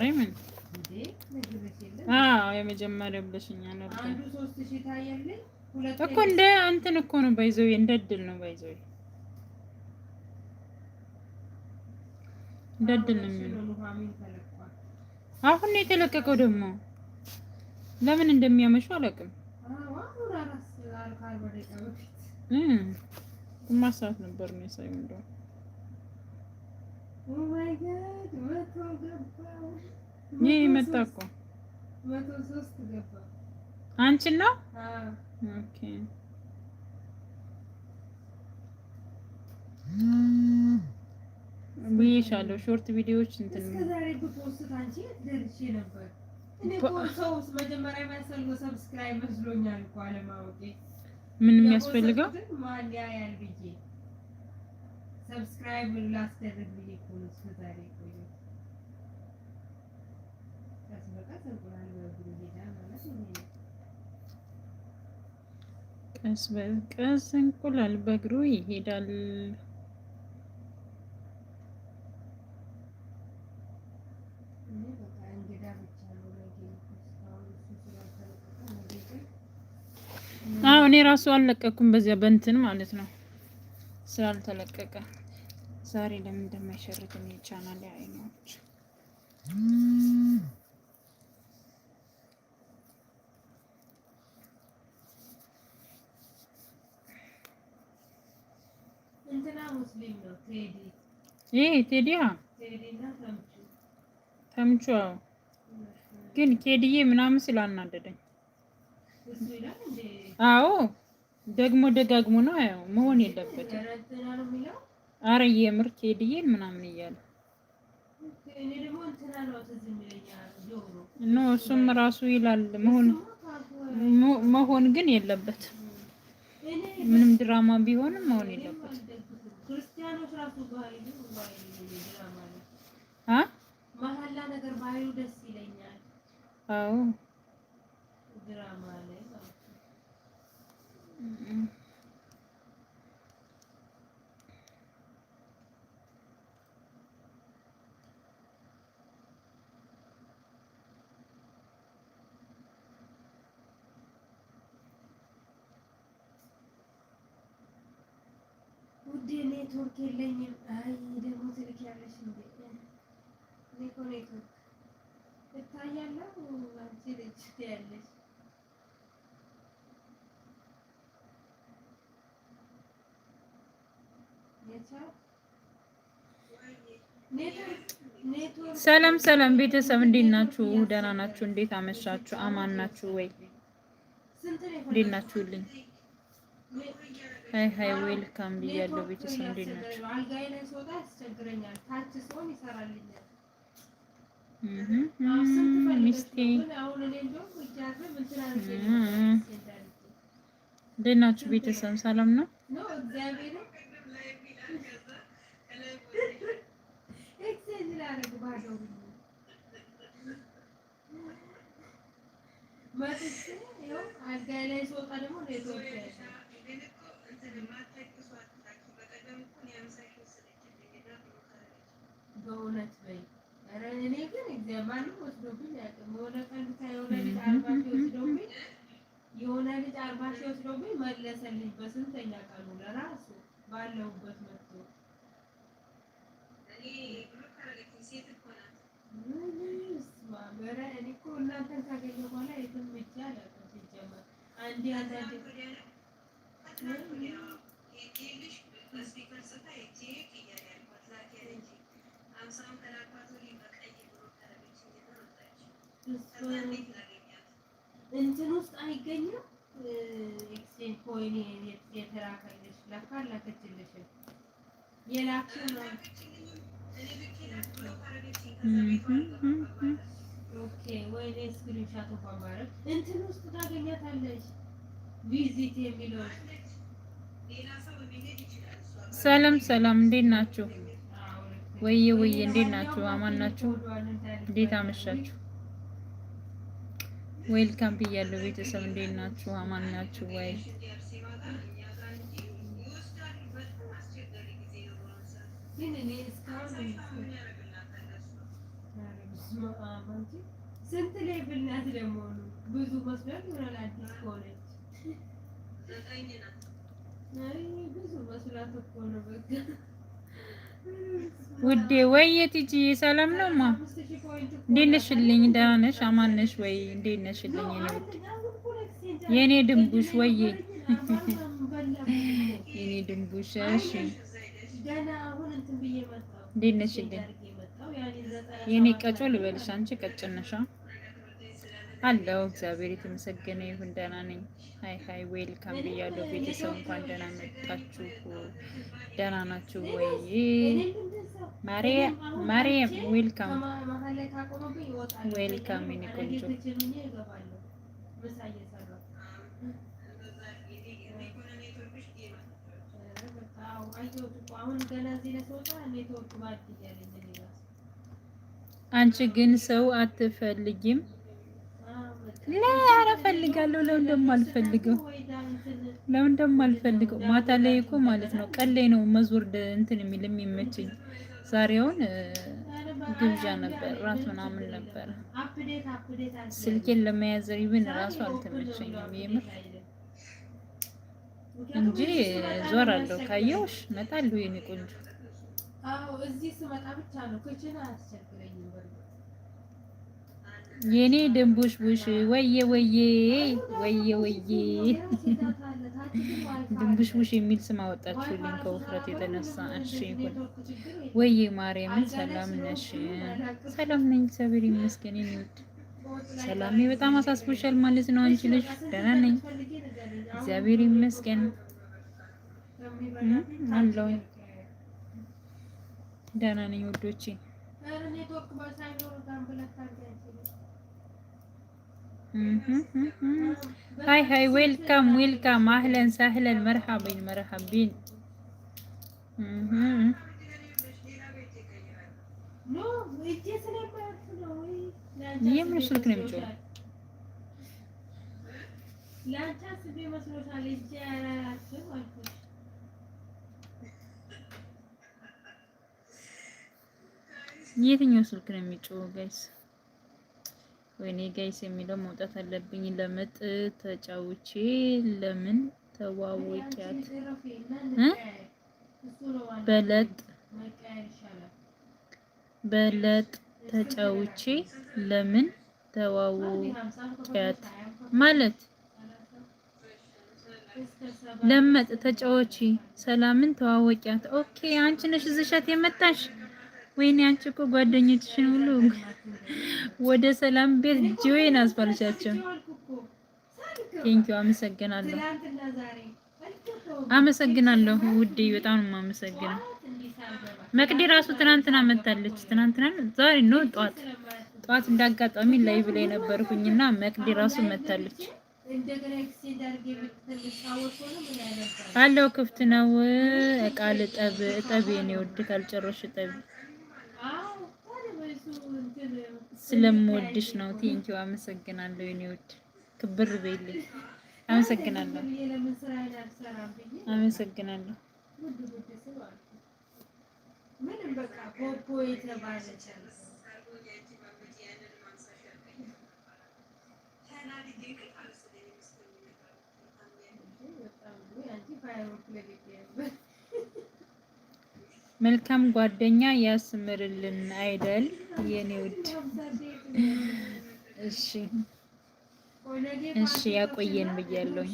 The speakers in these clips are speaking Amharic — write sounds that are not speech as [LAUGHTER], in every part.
ዛሬ ምን አዎ የመጀመሪያ ብለሽኛ ነበር እኮ እንደ እንትን እኮ ነው ባይዘው እንደ እድል ነው ባይዘው እንደ እድል ነው የሚሆነው። አሁን ነው የተለቀቀው። ደግሞ ለምን እንደሚያመሹ አላውቅም። ግማሽ ሰዓት ነበር ነው የሳየው እንደውም ይህ oh መጣ እኮ አንቺን ነው። ብዬሻለሁ ሾርት ቪዲዮዎች እንትን ምን የሚያስፈልገው ሰብስክራይብ ላስደርግ ብዬ እኮ ነው እስከ ዛሬ የቆየሁት። ቀስ በቀስ እንቁላል በእግሩ ይሄዳል ማለት ነው። ቀስ በቀስ እንቁላል በእግሩ ይሄዳል። አዎ እኔ ራሱ አልለቀኩም በዚያ በእንትን ማለት ነው ስላልተለቀቀ ዛሬ ለምን እንደማይሸርትም የቻናል አይኖች ይህ ቴዲያ ተምቹ ግን ኬድዬ ምናምን ስላናደደኝ፣ አዎ ደግሞ ደጋግሞ ነው መሆን የለበትም። አረ የምር ኬድዬን ምናምን እያለ ኖ እሱም ራሱ ይላል መሆን መሆን ግን የለበት ምንም ድራማ ቢሆንም መሆን የለበት ነገር አዎ ኔትወርክ የለኝም። አይ ደግሞ ትልክ ያለሽ እንዴ? እኔ እኮ ኔትወርክ እታያለሁ። አንቺ ልጅ ያለሽ ሰላም ሰላም ቤተሰብ እንዴት ናችሁ? ደህና ናችሁ? እንዴት አመሻችሁ? አማን ናችሁ ወይ? እንዴት ናችሁልኝ? ሀይ ሀይ ዌልካም ብያለሁ። ቤተሰብ እንዴት ናቸው? ሚስቴ እንዴት ናችሁ? ቤተሰብ ሰላም ነው? አልጋ ላይ ስወጣ ደግሞ በእውነት በይ። ኧረ እኔ ግን እግዚአብሔር ወስዶብኝ አያውቅም። የሆነ ቀን የሆነ ልጅ አርባ ሺህ ወስዶብኝ የሆነ ልጅ አርባ ሺህ ወስዶብኝ መለሰልኝ። በስንተኛ ቀኑ ለራሱ ባለሁበት መጥቶ እናንተን ካገኘሁ በኋላ የትም ብቻ አላውቅም። ሲጀመር አንዴ አንዳንዴ እንትን ውስጥ አይገኝም። ኤክስቼንጅ ኮይን የተላከልሽ ለካ አላከችልሽም። የላክሽው ኦኬ። ወይኔ ስክሪንሻት እንትን ውስጥ ታገኛታለሽ ቪዚት የሚለው ሰላም ሰላም፣ እንዴት ናችሁ? ወይዬ ወይዬ፣ እንዴት ናችሁ? አማን ናችሁ? እንዴት አመሻችሁ? ዌልካም ብያለሁ ቤተሰብ፣ እንዴት ናችሁ? አማን ናችሁ ወይ? ስንት ላይ ደግሞ ብዙ መስሎኝ ሆናል። አዲስ ከሆነች ውዴ ወይ የቲጂ ሰላም ነው ማ እንዴት ነሽልኝ? ደህና ነሽ? አማን ነሽ ወይ? እንዴት ነሽልኝ? የኔ የኔ ድንቡሽ ወይ የኔ ድንቡሽ እሺ፣ እንዴት ነሽልኝ? የኔ ቀጮ ልበልሽ፣ አንቺ ቀጭን ነሽ። አለው እግዚአብሔር የተመሰገነ ይሁን። ደህና ነኝ። ሀይ ሀይ ዌልካም ብያለሁ። ቤተሰብ እንኳን ደህና መጣችሁ። ደህና ናችሁ ወይ? ማርያም ዌልካም ዌልካም። የእኔ ቆንጆ አንቺ ግን ሰው አትፈልጊም ኧረ እፈልጋለሁ። ለምን ደግሞ አልፈልገው? ለምን ደግሞ አልፈልገው? ማታ ላይ እኮ ማለት ነው፣ ቀን ላይ ነው መዞር እንትን የሚል የሚመችኝ። ዛሬውን ግብዣ ነበር፣ ራት ምናምን ነበር። ስልኬን ለመያዝ ይብን ራሱ አልተመቸኝም የምር እንጂ ዞር አለው ካየውሽ መጣለሁ የኔ ቆንጆ። አዎ እዚህ ስመጣ ብቻ ነው የኔ ድንቡሽቡሽ ወየ ወየ ወየ ወየ ድንቡሽቡሽ የሚል ስም አወጣችሁልኝ ከውፍረት የተነሳ። እሺ ወየ ማርያምን ሰላም ነሽ? ሰላም ነኝ፣ እግዚአብሔር ይመስገን። ይውድ ሰላሜ በጣም አሳስቦሻል ማለት ነው አንቺ ልጅ። ደህና ነኝ፣ እግዚአብሔር ይመስገን አለው። ደህና ነኝ ውዶቼ هاي هاي ويلكم ويلكم اهلا سهلا مرحبا مرحبين የምን ስልክ ነው የሚጮህ? የትኛው ስልክ ነው የሚጮህ ጋይስ? ወይኔ ጋይስ የሚለው መውጣት አለብኝ። ለምጥ ተጫውቼ ለምን ተዋወቂያት በለጥ በለጥ ተጫውቼ ለምን ተዋወቂያት ማለት ለመጥ ተጫውቼ ሰላምን ተዋወቂያት። ኦኬ አንቺ ነሽ እዚህ የመጣሽ ወይኔ አንቺ እኮ ጓደኞችሽን ሁሉ ወደ ሰላም ቤት ጆይን አስባልቻቸው። ቴንኪው አመሰግናለሁ፣ አመሰግናለሁ ውዴ፣ በጣም ነው የማመሰግነው። መቅዲ ራሱ ትናንትና መታለች። ትናንትና ዛሬ ነው ጧት ጧት እንዳጋጣሚ ላይቭ ላይ ነበርኩኝና መቅዲ ራሱ መታለች። አለው ክፍት ነው። እቃ ልጠብ እጠብ የኔ ውድ ካልጨረሽ ጠብ ስለምወድሽ ነው። ቴንኪው አመሰግናለሁ። የኔ ውድ ክብር በይልኝ። አመሰግናለሁ፣ አመሰግናለሁ። መልካም ጓደኛ ያስምርልን አይደል የኔ ውድ። እሺ እሺ፣ ያቆየን ብያለሁኝ።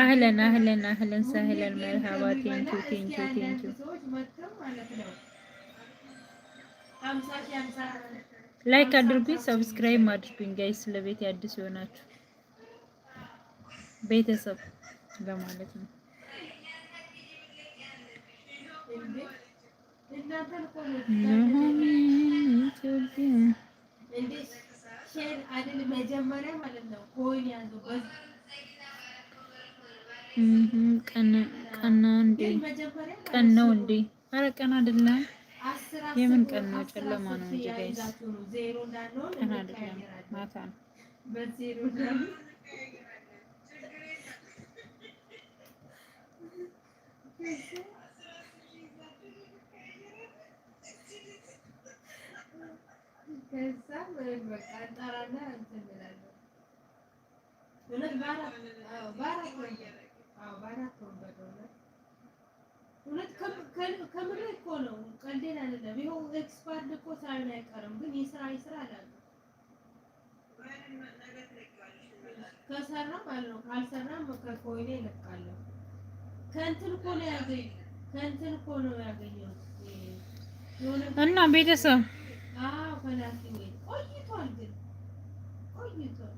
አህለን አህለን አህለን ሳህለን መርሃባ ቴንኪ ቴንኪ ቴንኪ። ላይክ አድርጉኝ፣ ሰብስክራይብ አድርጉኝ ጋይስ። ለቤት አዲስ የሆናችሁ ቤተሰብ ለማለት ነው። ቀና እንዴ? እንዴ? አረ ቀን አይደለም። የምን ቀን ነው? ጨለማ ነው እንጂ ጋይስ፣ ቀን አይደለም፣ ማታ ነው። ከዛ በቃ እንጠራና እንትን ከምሬ እኮ ነው፣ ቀልዴን አይደለም። ይኸው ኤክስፓርድ እኮ ሳይሆን አይቀርም፣ ግን የስራ የስራ አላለም። ከሰራ ማለት ነው፣ ካልሰራም ከኮይኔ ይለቃለሁ ከእንትን እኮ እና ቤተሰብ ቆይቷል፣ ግን ቆይቷል።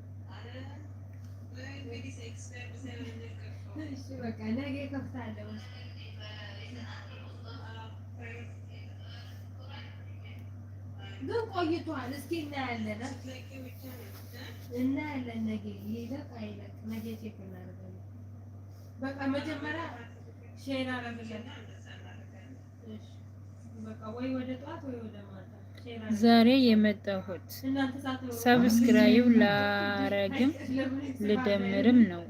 በቃ ነገ ከፍታለሁ። ግን ቆይቷል። እስኪ እናያለን፣ እናያለን ነገ ይለቅ አይለቅ፣ ነገ ቼክ እናደርጋለን። በቃ መጀመሪያ ሼር በቃ ወይ ወደ ጠዋት ወይ ወደ ማታ ዛሬ የመጣሁት ሰብስክራይብ ላረግም ልደምርም ነው።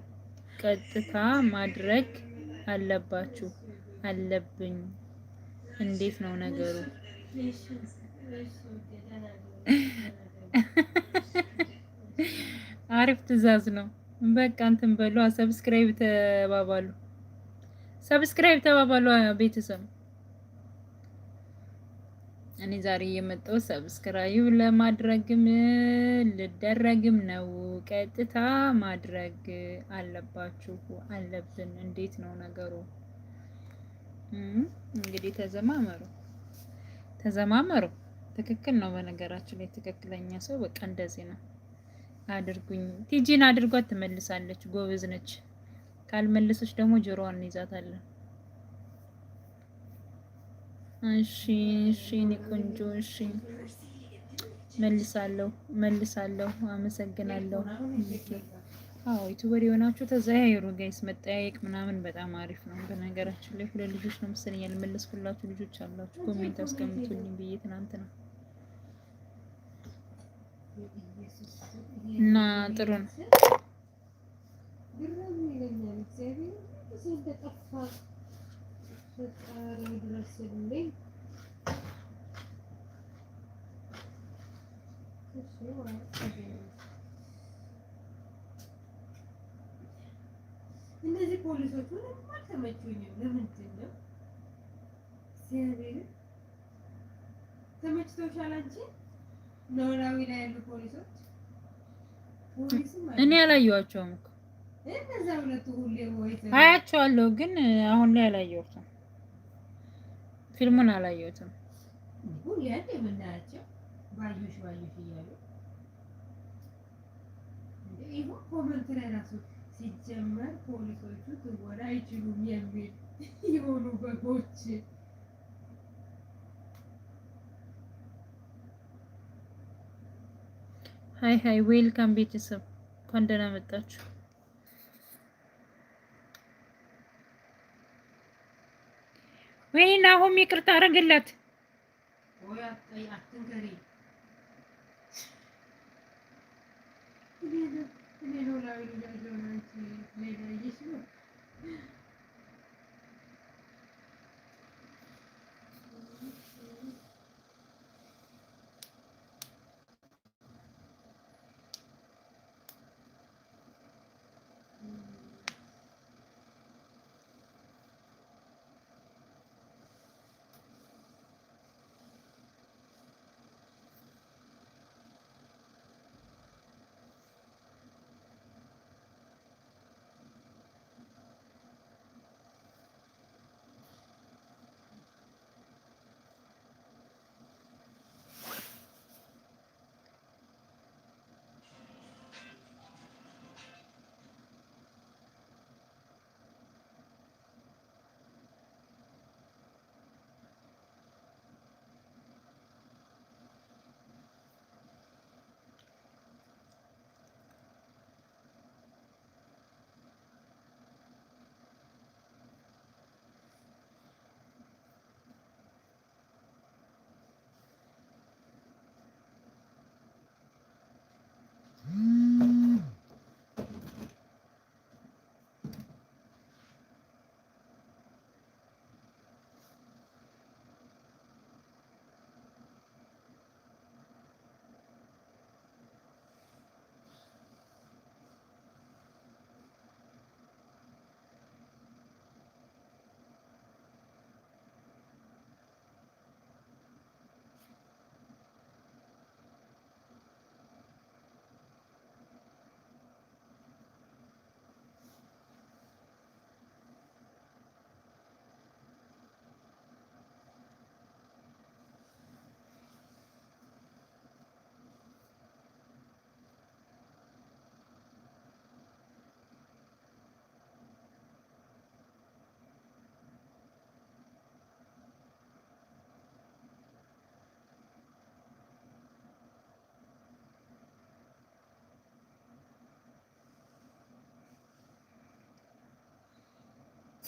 ቀጥታ ማድረግ አለባችሁ አለብኝ። እንዴት ነው ነገሩ? [LAUGHS] አሪፍ ትዕዛዝ ነው። በቃ እንትን በሉ ሰብስክራይብ ተባባሉ፣ ሰብስክራይብ ተባባሉ ቤተሰብ። እኔ ዛሬ የመጣው ሰብስክራይብ ለማድረግም ልደረግም ነው። ቀጥታ ማድረግ አለባችሁ አለብን። እንዴት ነው ነገሩ? እንግዲህ ተዘማመሩ፣ ተዘማመሩ። ትክክል ነው። በነገራችን ላይ ትክክለኛ ሰው በቃ እንደዚህ ነው። አድርጉኝ። ቲጂን አድርጓት ትመልሳለች። ጎበዝ ነች። ካልመለሰች ደግሞ ጆሮዋን እንይዛታለን። እሺ፣ እሺ፣ እኔ ቆንጆ፣ እሺ፣ መልሳለሁ፣ መልሳለሁ። አመሰግናለሁ። አዎ ዩቲዩበር የሆናችሁ ተዘያየሩ ጋይስ። መጠያየቅ ምናምን በጣም አሪፍ ነው። በነገራችን ላይ ሁለት ልጆች ነው መሰለኝ ያልመለስኩላችሁ ልጆች አላችሁ። ኮሜንት አስቀምጡልኝ ብዬ ትናንት ነው እና ጥሩ ነው። እነዚህ ፖሊሶቹ ምንም አልተመቹኝም። ለምንድን ነው እግዚአብሔርን ተመችቶሻል አንቺ ኖላዊ ላይ ያሉ ፖሊሶች እኔ አላየኋቸውም እኮ አያቸዋለሁ፣ ግን አሁን ላይ አላየሁትም። ፊልሙን አላየሁትም። ሲጀመር ፖሊሶቹ ትወዳ አይችሉም የሚል የሆኑ በጎች ሀይ ሀይ ዌልካም ቤተሰብ እንኳን ደህና መጣችሁ። ወይኔ ናሆም ይቅርታ አረግለት።